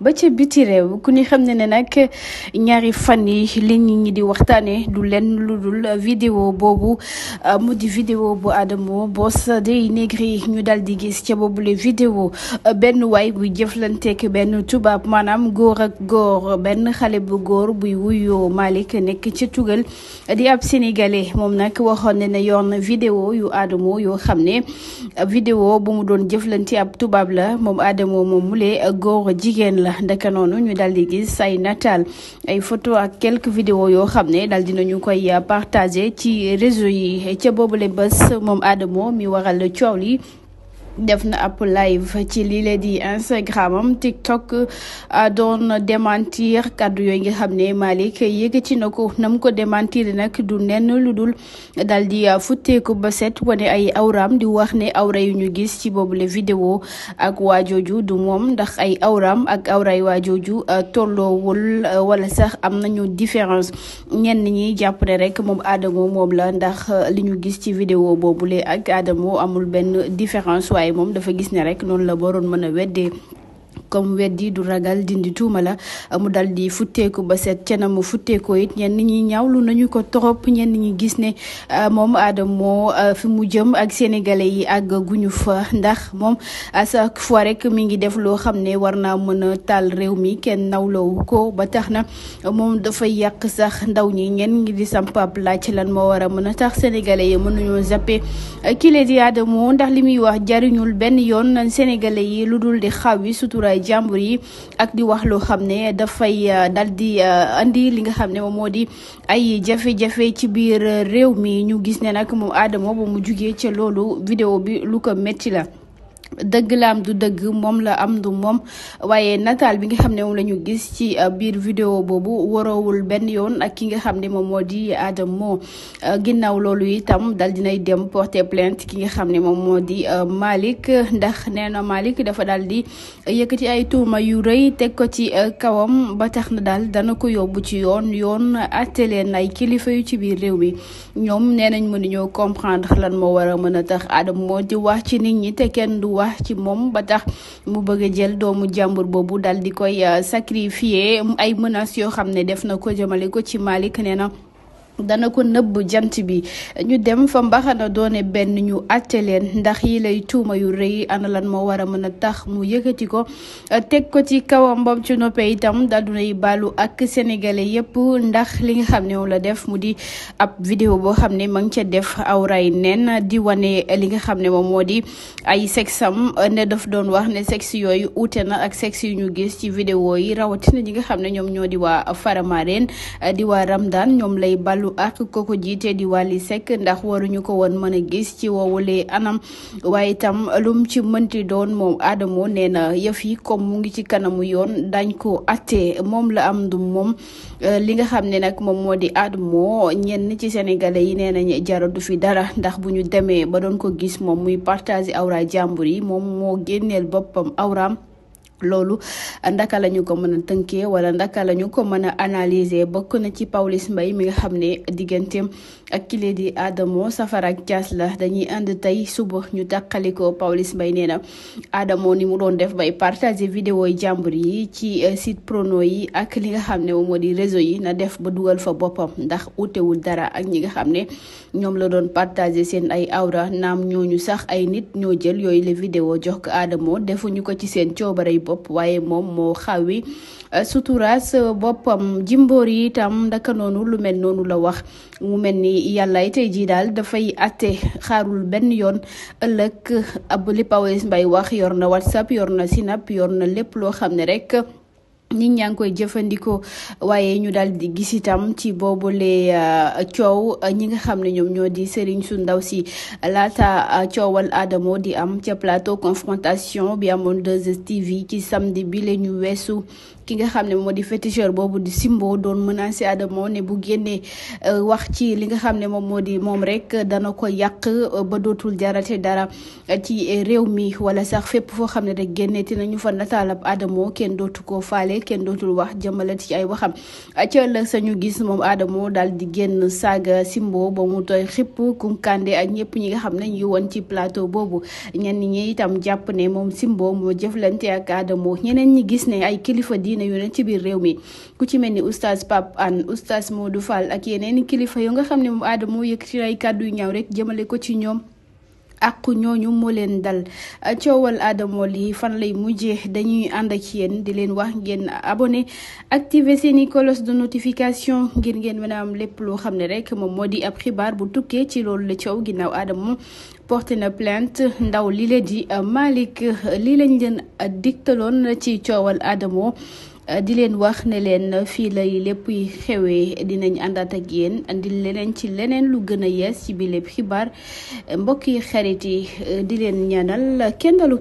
ba ca biti réew ku ni xam ne ne nag ñaari fan yi li nit ñi di waxtaanee du lenn lu dul vidéo boobu euh, mu di vidéo bu Adamo Boss Day Negri ñu dal di gis ca boobule vidéo euh, benn waay buy jëflanteek benn tubaab maanaam góor ak góor benn xale bu góor buy wuyoo Malick nekk ca tugal di ab sénégalais moom nag waxoon ne ne yoon vidéo yu Adamo yoo xam ne vidéo bu mu doon jëflante ab tubaab la moom Adamo moom ak góor jigéen la la ndaka noonu ñu daldi di gis ay nataal ay photo ak quelques vidéos yo xamné daldi nañu koy partager ci réseau yi bobu le bëss mom Adamo mi waral coow li def na ab live ci lii la di Instagram am TikTok doon démentir kàddu yooyu nga xam ne Malick yëkkati na ko nam ko démentir nag du nenn lu dul daal di futteeku ba set wane ay awraam di wax ne awra yu ñu gis ci boobule vidéo ak waajooju du moom ndax ay awram ak awray waajooju tolloowul wala sax am nañu différence ñenn ñi jàpp ne rek moom Adamo moom la ndax li ñu gis ci vidéo boobule ak Adamo amul benn différence. waaye moom dafa gis ne rek noonu la waroon mën a weddee comme weddi du ragal dindi tuuma la mu dal di futteeku ba set cena mu futteekoo it ñenn ñi ñaawlu nañu ko torop ñenn ñi gis ne ah, moom moo ah, fi mu jëm ak sénégalais yi àgg guñu fa ndax moom à chaque rek mi ngi def loo xam ne war naa mën a taal réew mi kenn nawloowu ko ba tax na moom dafay yàq sax ndaw ñi ñenn ngi di sampab laaj lan moo war a mën a tax sénégalais yi mënuñoo zappe kii di ndax li muy wax jariñul benn yoon sénégalais yi lu dul di xaw suturaay jàmbur yi ak di wax loo xam ne dafay euh, dal di euh, andi li nga xam ne moom moo di ay jafe-jafe ci biir euh, réew mi ñu gis ne nag moom aadama ba mu jugee ca loolu vidéo bi lu ko métti la dëgg laam du dëgg moom la am du moom waaye nataal bi nga xam ne moom la ñu gis ci uh, biir vidéo boobu waroowul benn yoon ak ki nga xam ne moom moo di Adamo uh, ginnaaw loolu itam dal dinay dem porter plainte ki nga xam ne moom moo di uh, maalik ndax nee na Malick dafa dal di ci ay tuuma yu rëy teg ko ci kawam ba tax na daal dana ko yóbbu ci yoon yoon atte leen ay kilifa yu ci biir réew mi ñoom nee nañ mënuñoo comprendre lan moo war mën a tax Adamo di wax ci nit ñi te kenn du wax ci moom ba tax mu bëgg a jël doomu jàmbur boobu dal di koy euh, sacrifier ay menaces yoo xam ne def na ko jëmale ko ci Malick nee na dana ko nëbb jant bi ñu dem fa mbaxana doone benn ñu àtte leen ndax yi lay tuuma yu rëy ana lan moo war a mën a tax mu yëkkati ko teg ko ci kawam bam ci noppe itam daal dunay balu ak sénégalais yépp ndax li nga xam ne def mu di ab vidéo boo xam ne ma ngi ca def awray nen di wane li nga xam ne moom moo di ay sexam ne daf doon wax ne sexe yooyu uute na ak sexe yu ñu gis ci vidéo yi rawatina ñi nga xam ne ñoom ñoo di waa Faramareen di waa Ramdan ñoom lay baalu balu ak koko jiite di Wally Seck ndax waruñu ko woon mën a gis ci woowulee anam waaye itam lum ci mënti doon moom Adamo nee na yëf yi comme mu ngi ci kanamu yoon dañ ko attee moom la am du moom euh, li nga xam ne nag moom moo di Adamo ñenn ci sénégalais yi nee nañ jaratu fi dara ndax bu ñu demee ba doon ko gis moom muy partage awra jàmbur yi moom moo génneel boppam awraam loolu ndaka la ñu ko mën a tënkee wala ndaka lañu ko mën a analyser bokk na ci pawlis mbay mi nga xam ne digganteem ak kile di Adamo safara ak caas la dañuy ànd tey suba ñu tàqalikoo Pawlish mbay nee na Adamo ni mu doon def bay partager vidéo yi jàmbur yi ci euh, site prono yi ak li nga xam ne moom moo di réseau yi na def ba dugal fa boppam ndax utewul dara ak ñi nga xam ne ñoom la doon partager seen ay awra naam ñooñu sax ay nit ñoo jël yooyu la vidéo jox ko Adamo defuñu ko ci seen coobare waaye moom moo xawi euh, suturaas euh, boppam jimboor yi itam ndaka noonu lu mel noonu la wax mu mel ni yàlla tey jii daal dafay atte xaarul benn yoon ëllëg ab li Pawes Mbaye wax yoor na whatsapp yor na sinap yor na lépp loo xam ne rekk nit ñaa ngi koy jëfandikoo waaye ñu daal di gis itam ci boobule euh, coow ñi nga xam ne ñoom ñoo di Serigne su ndaw si laata euh, coowal Adamo di am ca plateau confrontation bi amoon 2STV ci samedi bi ñu weesu ki nga xam ne moo di féticheur boobu di Simbo doon menacé Adamo ne bu génnee euh, wax ci li nga xam ne moom moo di moom rek dana ko yàq euh, ba dootul jarate dara euh, ci réew mi wala sax fépp foo xam ne rek génneeti nañu fa nataalab Adamo kenn dootu ko faale kenn dootul wax jëmale ci ay waxam ca ëllëg sañu gis moom Adamo daal di génn saaga Simbo ba mu tooy xipp kunkande ak ñëpp ñi nga xam ne ñu ci plateau boobu ñenn ñi gis ne ay kilifa diine yu ci biir réew mi ku ci mel ni oustaz Pape Anne oustaz du Fall ak yeneen kilifa yu nga xam ne mu aada moo yëkkati ay kàddu yu ñaaw rek jëmale ko ci ñoom ak ñooñu moo leen dal coowal Adamo lii fan lay mujjee dañuy ànd ak yéen di leen wax ngeen abonné activer seen i de notification ngir ngeen mën am lépp loo xam ne rek moom moo di ab xibaar bu tukkee ci loolu la coow ginnaaw Adamo porté na plainte ndaw li la di malik li lañ leen ci coowal Adamo di leen wax ne leen fii lay lépp yi xewee dinañ àndaat ak yéen andil leneen ci leneen lu gën a yees ci bi lépp xibaar mbokk yi xarit yi di leen ñaanal kenn dalu